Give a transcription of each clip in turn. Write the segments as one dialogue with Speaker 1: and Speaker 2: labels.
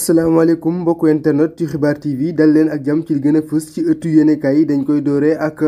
Speaker 1: asalaamaaleykum mbokku internet yu xibaar TV dal leen ak jàmm ci li gën a fës ci ëttu yéenekaay yi dañ koy dooree ak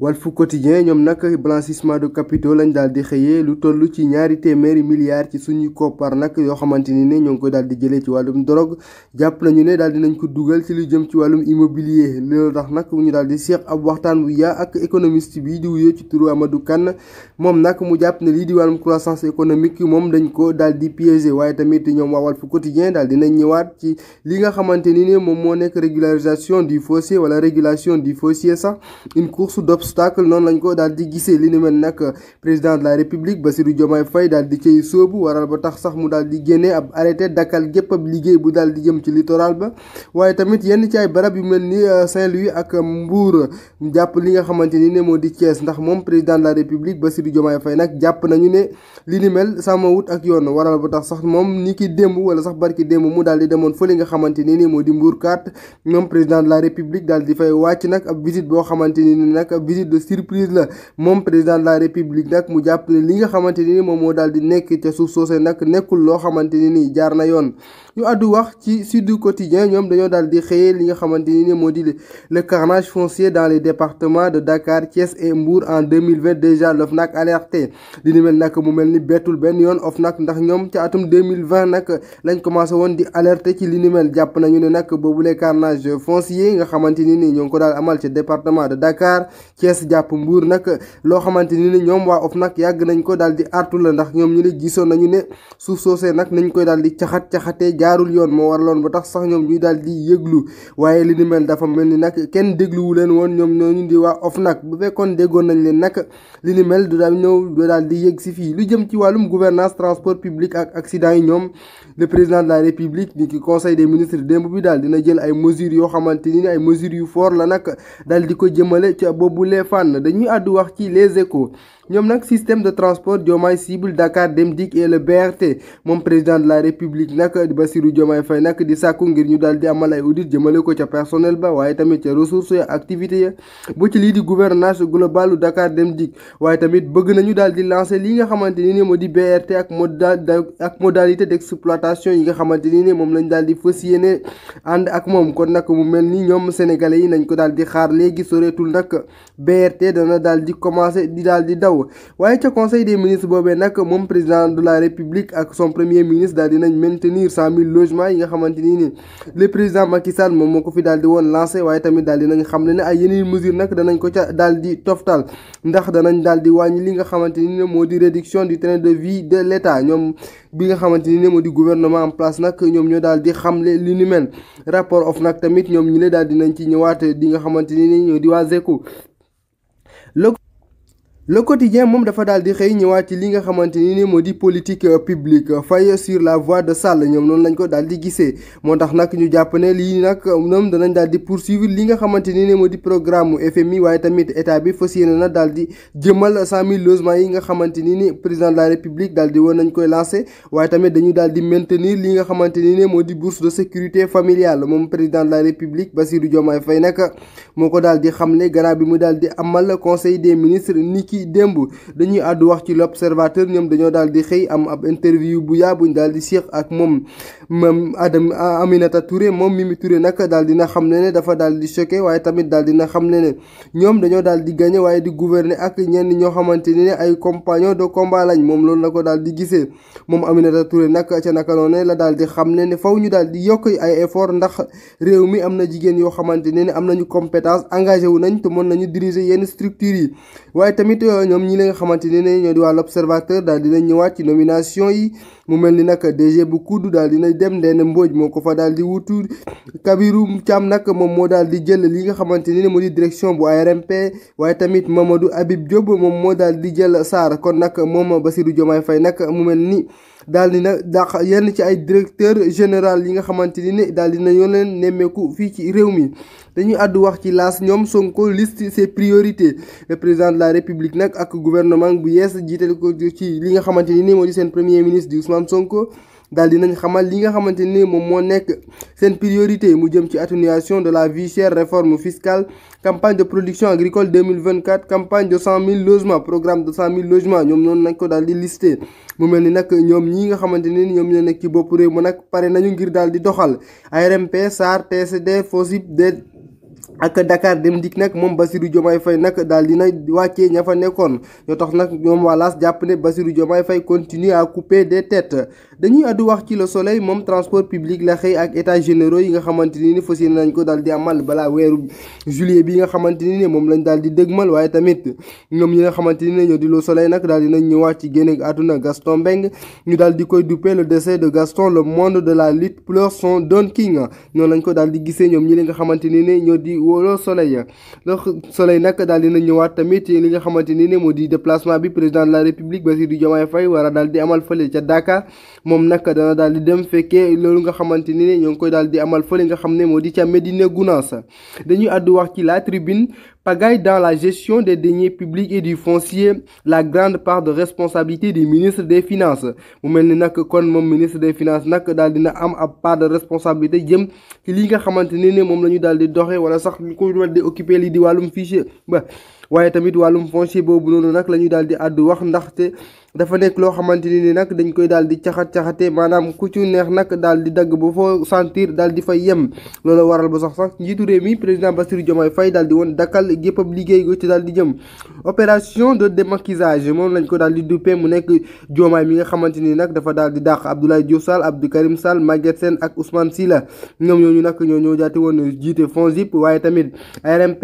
Speaker 1: Walfu Quotidien ñoom nag blanchissement de capitaux lañ daal di xëyee lu toll ci ñaari téeméeri milliards ci suñu koppar nag yoo xamante ni ne ñoo ngi ko daal di jëlee ci wàllum drogue jàpp nañu ne daal di ko dugal ci lu jëm ci wàllum immobilier loolu tax nag ñu daal di seeq ab waxtaan wi yaa ak économiste bi di wuyoo ci turu Amadou Kane moom nag mu jàpp ne lii di wàllum croissance économique moom dañ ko daal di piégé waaye tamit ñoom waa Walfu Quotidien daal dinañ ñëwaat ci li nga xamanteni ni mom mo nek régularisation du foncier wala régulation du foncier ça une course d'obstacle non lañ ko dal di li ni mel nak président de la république Bassirou Diomaye Fay Dal di cey sobu waral ba tax sax mu dal di génné ab arrêté dakal gep ab liggéey bu dal di jëm ci littoral ba waye tamit yenn ci ay barab yu mel euh, Saint-Louis ak Mbour japp li nga xamanteni ni mo di ndax mom président de la république Bassirou Diomaye fay nak japp nañu né li ni mel sàmmawut ak yoon waral ba tax sax mom niki dembu wala sax barki dembu mu dal di amoon fële nga xamante ni ni moo di Mbourkat moom président de la république daal di fay wàcc nag ab visite boo xamante ni nag ab visite de surprise la moom président de la république nag mu jàpp ne li nga xamante ni ni moom moo daal di nekk ca suuf soose nag nekkul loo xamante ni ni jaar na yoon ñu addu wax ci Sud Quotidien ñoom dañoo daal di xëyee li nga xamante ni moo di le carnage foncier dans les départements de Dakar Thiès et Mbour en 2020 déjà l'OFNAC alerté di ni mel nag mu mel ni bettul benn yoon OFNAC ndax ñoom ca atum 2020 nag lañ commencé woon di alerter ci li ni mel nañu carnage foncier nga xamanteni ni ñong ko dal amal ci département de Dakar ciess japp Mbour nak lo xamanteni ni ñom wa waa OFNAC yàgg nañ ko dal di artu ndax ñom ñu ne gisson nañu ne souf soosee nak nañ koy dal di caxat-caxatee jaarul yoon moo waraloon ba tax sax ñom ñuy dal di yeglu dafa melni nak di bu fekkon nañ nak du ñew do dal di lu jëm ci walum gouvernance transport public ak accident yi ñom le président de la république ni conseil des ministre démb bi daal dina jël ay mesures yoo xamante ni ay mesures yu foor la nag daal di ko jëmale ca boobu lee fànn dañuy àddu wax ci les échos ñoom nag système de transport Diomaye cible Dakar Dem Dikk et le BRT moom président de la république nag Bassirou Diomaye fay nag di sàkku ngir ñu daal di amal ay audit jëmale ko ca personnel ba waaye tamit ca ressources ya activités ya bu ci lii di gouvernance globalu Dakar Dem Dikk waaye tamit bëgg nañu daal di lancer li nga xamante ni ne moo di BRT ak moda ak modalité d'exploitation yi nga xamante ni ne moom lañu daal di fas yéene ànd ak moom kon nag mu mel ni ñoom sénégalais yi nañ ko daal di xaar léegi soreetul nag BRT dana daal di commencer di daal di daw boobu waaye conseil des ministres boobee nag moom président de la république ak son premier ministre daal dinañ maintenir cent logements yi nga xamante ni le président Macky Sall moom moo ko fi daal di woon lancé waaye tamit daal dinañ xam ne ne ay yeneen mesure nag danañ ko ca d'Aldi di toftal ndax danañ daal di wàññi li nga xamante ni ne réduction du train de vie de l'État. état ñoom bi nga xamante ni ne gouvernement en place nag ñoom ñoo daal di xamle li ni mel rapport of nag tamit ñoom ñi le daal dinañ ci ñëwaat di nga xamante ni ne ñoo di waa ZECO le quotidien mom dafa daal di xëy ñëwaat li nga xamanteni ni modi politique euh, publique faye sur la voie de Sall ñom non lañ ko Daldi di gisee moo tax ñu japp né li nak euh, ñom danañ daal di poursuivre li nga xamanteni ni modi programme FMI waye tamit état bi fas yéene na daal di jëmal cent logements yi nga xamanteni ni président de la république Daldi di woon nañ koy lancer waye tamit dañu daal di maintenir li nga xamanteni ni modi bourse de sécurité familiale mom président de la république Bassirou Diomaye fay nak moko ko daal di xamle bi mu daal di amal conseil des ministres niki ki démb dañuy àddu wax ci l'observateur ñoom dañoo daal di xëy am ab interview bu yaa buñ daal di séeq ak moom moom Adam Aminata Touré moom Mimi Touré nag daal dina xam ne ne dafa daal di choqué waaye tamit daal dina xam ne ne ñoom dañoo daal di gagné waaye di gouverner ak ñenn ñoo xamante ni ne ay compagnons de combat lañ moom loolu na ko daal di gisee moom Aminata Touré nag ca naka noonu la daal di xam ne ne faw ñu daal di yokk ay effort ndax réew mi am na jigéen yoo xamante ne ne am nañu compétence engagé wu nañ te mën nañu diriger yenn structures yi ñom ñi nga xamanteni ne ñoo di waa l'observateur dal dina ñëwaat ci nomination yi mu melni nak DG bu kudd dal dina dem Ndéné Mbodj moko fa dal di wutu Kabirou Thiam nak mom mo dal di jël li nga xamanteni ne ne di direction bu ARMP waye tamit Mamadou Habib Diop mom mo dal di jël sar kon nak mom Bassirou Diomaye Fay nak mu melni dal dina yenn ci ay directeur général yi nga xamanteni ni ne daal dina ñoo leen nemmeeku fii ci réew mi dañuy addu wax ci las ñom Sonko liste ses priorités le président de la République république ak gouvernement bu yes jiital ko ci li nga xamanteni ni moo di premier ministre di Ousmane Sonko daal dinañ xamal li nga xamanteni mom mo nek sen priorité mu jëm ci atténuation de la vie chère réforme fiscale campagne de production agricole 2024 campagne de 100 000 logements programme de 100 000 logements ñom non nañ ko dal di lister mu melni nak ñom ñi nga xamanteni ñom ñoom nek ci bopp rew mu nak paré nañu ngir dal di doxal ARMP SAR TCD FOSIP ak Dakar dem dikk nag moom Bassirou Diomaye fay nag daal dina wàccee ña fa nekkoon ñoo tax nag ñoom waa jàpp ne basiru Diomaye Faye continue à couper des têtes dañuy àddu wax ci le soleil mom transport public la xey ak état généraux yi nga xamanteni ni ni nañ ko daldi amal bala wéru juillet bi nga xamanteni ni mom lañ daldi di waye tamit ñom yi nga xamanteni ne ñoo di le soleil nak daldi nañ ñëwaat ci génne aduna Gaston Beng, ñu daldi koy duper le décès de Gaston le monde de la lutte pleure son Don King noonu lañ ko daldi gisé ñom ñi li nga xamanteni ni ne ñoo di le soleil le soleil nak daal dinañ ñëwaat tamit li nga xamanteni ni ne di déplacement bi président de la république Bassirou Diomaye Faye wara daldi amal fële ci Dakar moom nag dana daal dem fekkee loolu nga xamante ni ñoo ngi koy daal di amal fële nga xam ne moo di ca Médina Gounass dañuy àddu wax ci la tribune pagaille dans la gestion des deniers publics et du foncier la grande part de responsabilité du ministre des finances mu mel ni nag kon moom ministre des finances nag daal dina am ab part de responsabilité jëm ci li nga xamante ne ne dans la ñu voilà ça doxee wala sax ñu ko daal di occuper lii di wàllum fichier waaye tamit wàllum foncier boobu noonu nag la ñu daal di àddu wax ndaxte dafa nekk loo xamante ne ni nag dañ koy daal di caxat caxate maanaam ku ci neex nag daal di dagg ba foo sentir daal di fay yem loolu waral ba sax sax njiitu réew mi président Bassirou Diomaye fay daal di woon dakkal Sénégal gépp liggéey go ci dal di jëm opération de démaquisage moom lañ ko dal di duppee mu nekk joomaay mi nga xamante ni nag dafa dal di dàq Abdoulaye Diouf Sall Abdou Karim Sall maget sen ak Ousmane Sylla ñoom ñooñu nag ñoo ñoo jaati woon jiite zip waaye tamit rmp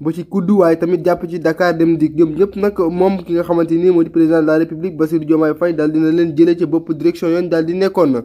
Speaker 1: ba ci kuddu waaye tamit jàpp ci Dakar dem di ñoom ñëpp nag moom ki nga xamante ni moo di président de la République Bassirou Diomaye Faye dal dina leen jëlee ci bopp direction yoon dal di nekkoon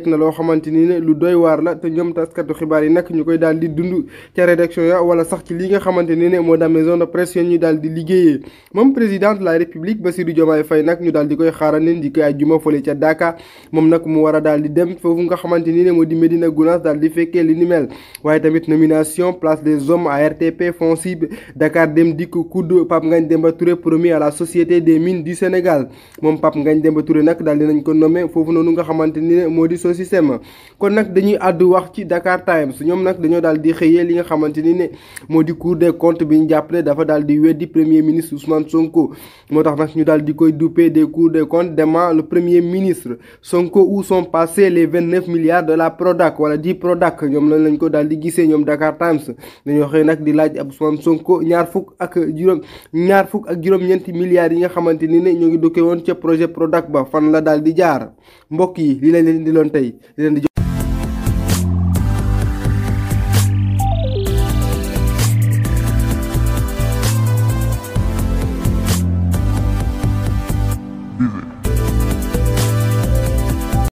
Speaker 1: nekk na loo xamante ni ne lu doy waar la te ñoom taskatu xibaar yi nag ñu koy daal di dund ca rédaction ya wala sax ci li nga xamante ne moo maison de presse ñu daal di liggéeyee moom président de la république Bassirou Diomaye fay nag ñu daal di koy xaarandi di koy ajjuma fële ca Dakar moom nag mu war a dem foofu nga xamante ni ne moo di Médina daal li ni mel waaye tamit nomination place des hommes à RTP FONSIB Dakar Dem Dikk COUD Pape ngañ Demba Touré premier à la société des mines du Sénégal moom Pape ngañ Demba Touré nag daal nañ ko nommé foofu noonu nga xamante ne moo système kon nak dañuy àddu wax ci Dakar Times ñom nak dañu daal di xëyee li nga xamanteni né modi Cour des comptes bi ñu dafa daal di premier ministre Ousmane Sonko motax nak ñu daal di koy doupé des Cour des comptes demain le premier ministre Sonko où sont passés les 29 milliards de la Prodac wala di Prodac ñom lañ lañ ko daal di gisee Dakar Times dañu xëy nak di laaj ab Ousmane Sonko ñaar fuk ak juroom ñaar fuk ak juroom ñeenti milliards yi nga xamanteni né ñogi ñoo won ci projet Prodac ba fan la dal di jaar mbokk yi li lañ leen di pay di